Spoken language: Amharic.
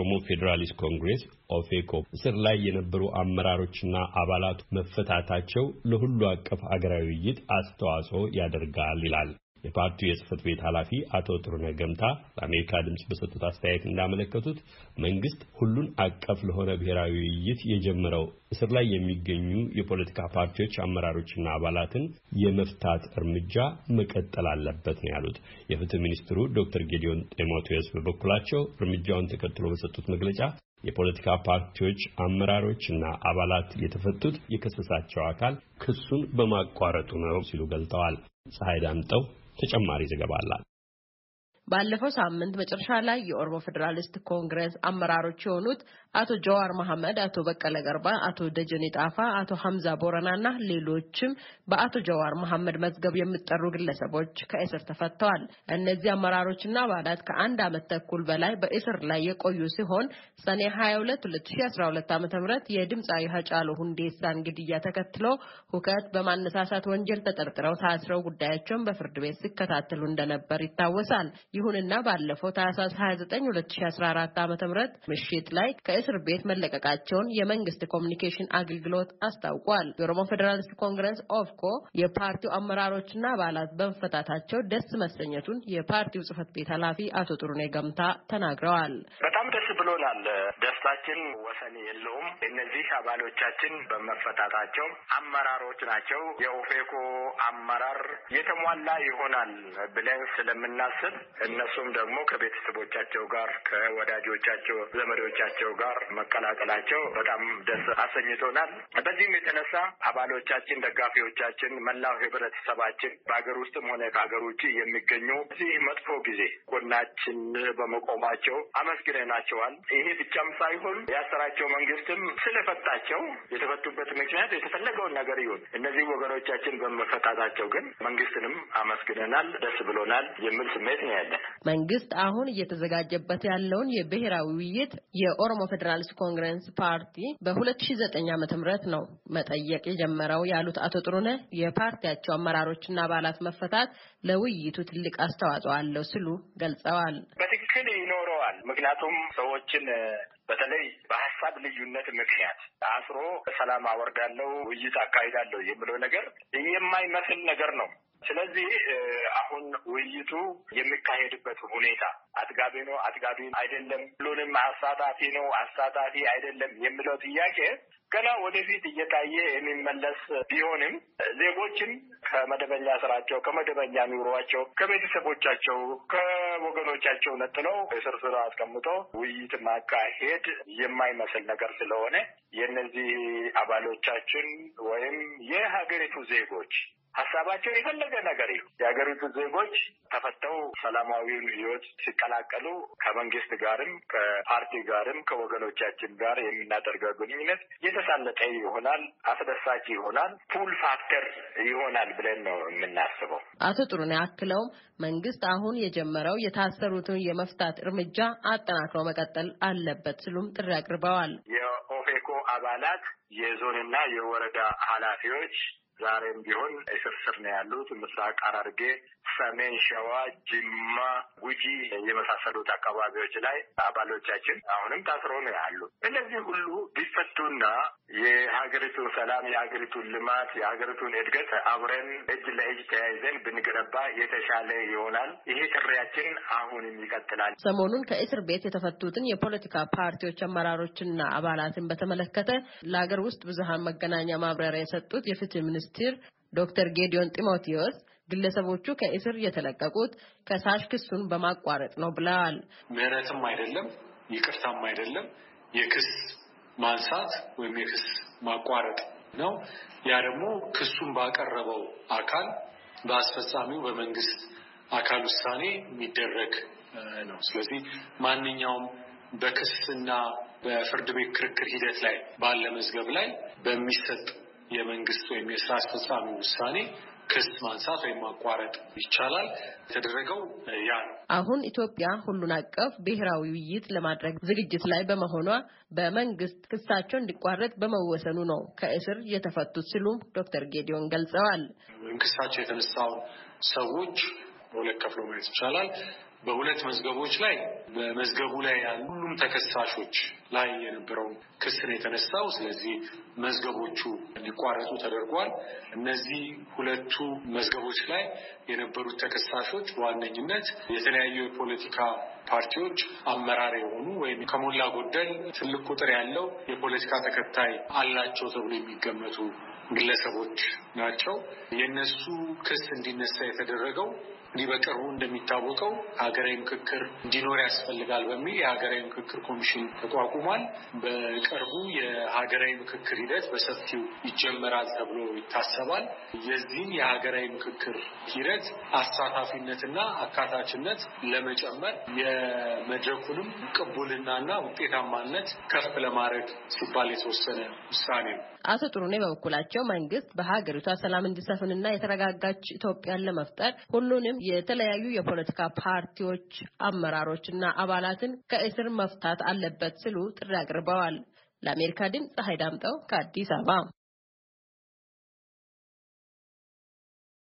የኦሮሞ ፌዴራሊስት ኮንግሬስ ኦፌኮ እስር ላይ የነበሩ አመራሮችና አባላት መፈታታቸው ለሁሉ አቀፍ አገራዊ ውይይት አስተዋጽኦ ያደርጋል ይላል። የፓርቲው የጽህፈት ቤት ኃላፊ አቶ ጥሩነ ገምታ ለአሜሪካ ድምፅ በሰጡት አስተያየት እንዳመለከቱት መንግስት ሁሉን አቀፍ ለሆነ ብሔራዊ ውይይት የጀመረው እስር ላይ የሚገኙ የፖለቲካ ፓርቲዎች አመራሮችና አባላትን የመፍታት እርምጃ መቀጠል አለበት ነው ያሉት። የፍትህ ሚኒስትሩ ዶክተር ጌዲዮን ጢሞቴዎስ በበኩላቸው እርምጃውን ተከትሎ በሰጡት መግለጫ የፖለቲካ ፓርቲዎች አመራሮችና አባላት የተፈቱት የከሰሳቸው አካል ክሱን በማቋረጡ ነው ሲሉ ገልጠዋል። ፀሐይ ዳምጠው ተጨማሪ ዘገባ አላት። ባለፈው ሳምንት መጨረሻ ላይ የኦሮሞ ፌዴራሊስት ኮንግረስ አመራሮች የሆኑት አቶ ጀዋር መሐመድ፣ አቶ በቀለ ገርባ፣ አቶ ደጀኔ ጣፋ፣ አቶ ሐምዛ ቦረና እና ሌሎችም በአቶ ጀዋር መሐመድ መዝገብ የሚጠሩ ግለሰቦች ከእስር ተፈተዋል። እነዚህ አመራሮችና አባላት ከአንድ ዓመት ተኩል በላይ በእስር ላይ የቆዩ ሲሆን ሰኔ 22 2012 ዓ.ም የድምፃዊ ሀጫሉ ሁንዴሳን ግድያ ተከትሎ ሁከት በማነሳሳት ወንጀል ተጠርጥረው ታስረው ጉዳያቸውን በፍርድ ቤት ሲከታተሉ እንደነበር ይታወሳል። ይሁንና ባለፈው ታህሳስ 29 2014 ዓ.ም ምሽት ላይ ከእስር ቤት መለቀቃቸውን የመንግስት ኮሚኒኬሽን አገልግሎት አስታውቋል። የኦሮሞ ፌዴራሊስት ኮንግረስ ኦፍኮ የፓርቲው አመራሮችና አባላት በመፈታታቸው ደስ መሰኘቱን የፓርቲው ጽህፈት ቤት ኃላፊ አቶ ጥሩኔ ገምታ ተናግረዋል። በጣም ደስ ብሎናል። ደስታችን ወሰን የለውም። እነዚህ አባሎቻችን በመፈታታቸው አመራሮች ናቸው። የኦፌኮ አመራር የተሟላ ይሆናል ብለን ስለምናስብ እነሱም ደግሞ ከቤተሰቦቻቸው ጋር ከወዳጆቻቸው ዘመዶቻቸው ጋር መቀላቀላቸው በጣም ደስ አሰኝቶናል። በዚህም የተነሳ አባሎቻችን፣ ደጋፊዎቻችን፣ መላው ህብረተሰባችን በሀገር ውስጥም ሆነ ከሀገር ውጭ የሚገኙ እዚህ መጥፎ ጊዜ ጎናችን በመቆማቸው አመስግነናቸዋል። ይሄ ብቻም ሳይሆን ያሰራቸው መንግስትም ስለፈታቸው የተፈቱበት ምክንያት የተፈለገውን ነገር ይሁን እነዚህ ወገኖቻችን በመፈታታቸው ግን መንግስትንም አመስግነናል፣ ደስ ብሎናል የሚል ስሜት ነው ያለ። መንግስት አሁን እየተዘጋጀበት ያለውን የብሔራዊ ውይይት የኦሮሞ ፌዴራሊስት ኮንግረስ ፓርቲ በ2009 ም ነው መጠየቅ የጀመረው ያሉት አቶ ጥሩነ የፓርቲያቸው አመራሮችና አባላት መፈታት ለውይይቱ ትልቅ አስተዋጽኦ አለው ሲሉ ገልጸዋል። በትክክል ይኖረዋል። ምክንያቱም ሰዎችን በተለይ በሀሳብ ልዩነት ምክንያት አስሮ ሰላም አወርዳለው ውይይት አካሂዳለሁ የሚለው ነገር የማይመስል ነገር ነው። ስለዚህ አሁን ውይይቱ የሚካሄድበት ሁኔታ አጥጋቢ ነው፣ አጥጋቢ አይደለም፣ ሁሉንም አሳታፊ ነው፣ አሳታፊ አይደለም የሚለው ጥያቄ ገና ወደፊት እየታየ የሚመለስ ቢሆንም ዜጎችን ከመደበኛ ስራቸው፣ ከመደበኛ ኑሯቸው፣ ከቤተሰቦቻቸው፣ ከወገኖቻቸው ነጥለው እስር አስቀምጦ ውይይት ማካሄድ የማይመስል ነገር ስለሆነ የእነዚህ አባሎቻችን ወይም የሀገሪቱ ዜጎች ሀሳባቸው የፈለገ ነገር ይሁን የሀገሪቱ ዜጎች ተፈተው ሰላማዊውን ህይወት ሲቀላቀሉ ከመንግስት ጋርም ከፓርቲ ጋርም ከወገኖቻችን ጋር የምናደርገው ግንኙነት የተሳለጠ ይሆናል፣ አስደሳች ይሆናል፣ ፑል ፋክተር ይሆናል ብለን ነው የምናስበው። አቶ ጥሩኔ አክለውም መንግስት አሁን የጀመረው የታሰሩትን የመፍታት እርምጃ አጠናክሮ መቀጠል አለበት ሲሉም ጥሪ አቅርበዋል። የኦፌኮ አባላት የዞንና የወረዳ ኃላፊዎች ዛሬም ቢሆን እስር ስር ነው ያሉት። ምስራቅ ሐረርጌ፣ ሰሜን ሸዋ፣ ጅማ፣ ጉጂ የመሳሰሉት አካባቢዎች ላይ አባሎቻችን አሁንም ታስሮ ነው ያሉት። እነዚህ ሁሉ ቢፈቱና የሀገሪቱን ሰላም፣ የሀገሪቱን ልማት፣ የሀገሪቱን እድገት አብረን እጅ ለእጅ ተያይዘን ብንገነባ የተሻለ ይሆናል። ይሄ ጥሪያችን አሁንም ይቀጥላል። ሰሞኑን ከእስር ቤት የተፈቱትን የፖለቲካ ፓርቲዎች አመራሮችና አባላትን በተመለከተ ለሀገር ውስጥ ብዙሀን መገናኛ ማብራሪያ የሰጡት የፍትህ ሚኒስትር ዶክተር ጌዲዮን ጢሞቴዎስ ግለሰቦቹ ከእስር የተለቀቁት ከሳሽ ክሱን በማቋረጥ ነው ብለዋል። ምህረትም አይደለም ይቅርታም አይደለም የክስ ማንሳት ወይም የክስ ማቋረጥ ነው። ያ ደግሞ ክሱን ባቀረበው አካል በአስፈጻሚው በመንግስት አካል ውሳኔ የሚደረግ ነው። ስለዚህ ማንኛውም በክስና በፍርድ ቤት ክርክር ሂደት ላይ ባለ መዝገብ ላይ በሚሰጥ የመንግስት ወይም የስራ አስፈጻሚ ውሳኔ ክስ ማንሳት ወይም ማቋረጥ ይቻላል። የተደረገው ያ ነው። አሁን ኢትዮጵያ ሁሉን አቀፍ ብሔራዊ ውይይት ለማድረግ ዝግጅት ላይ በመሆኗ በመንግስት ክሳቸው እንዲቋረጥ በመወሰኑ ነው ከእስር የተፈቱት ሲሉም ዶክተር ጌዲዮን ገልጸዋል። ወይም ክሳቸው የተነሳውን ሰዎች በሁለት ከፍሎ ማየት ይቻላል። በሁለት መዝገቦች ላይ በመዝገቡ ላይ ያሉ ሁሉም ተከሳሾች ላይ የነበረውን ክስ ነው የተነሳው። ስለዚህ መዝገቦቹ እንዲቋረጡ ተደርጓል። እነዚህ ሁለቱ መዝገቦች ላይ የነበሩት ተከሳሾች በዋነኝነት የተለያዩ የፖለቲካ ፓርቲዎች አመራር የሆኑ ወይም ከሞላ ጎደል ትልቅ ቁጥር ያለው የፖለቲካ ተከታይ አላቸው ተብሎ የሚገመቱ ግለሰቦች ናቸው። የእነሱ ክስ እንዲነሳ የተደረገው እንዲህ በቅርቡ እንደሚታወቀው ሀገራዊ ምክክር እንዲኖር ያስፈልጋል በሚል የሀገራዊ ምክክር ኮሚሽን ተቋቁሟል። በቅርቡ የሀገራዊ ምክክር ሂደት በሰፊው ይጀመራል ተብሎ ይታሰባል። የዚህን የሀገራዊ ምክክር ሂደት አሳታፊነትና አካታችነት ለመጨመር የመድረኩንም ቅቡልናና ውጤታማነት ከፍ ለማድረግ ሲባል የተወሰነ ውሳኔ ነው። አቶ ጥሩኔ በበኩላቸው በበኩላቸው መንግስት በሀገሪቷ ሰላም እንዲሰፍንና የተረጋጋች ኢትዮጵያን ለመፍጠር ሁሉንም የተለያዩ የፖለቲካ ፓርቲዎች አመራሮችና አባላትን ከእስር መፍታት አለበት ሲሉ ጥሪ አቅርበዋል። ለአሜሪካ ድምፅ ፀሐይ ዳምጠው ከአዲስ አበባ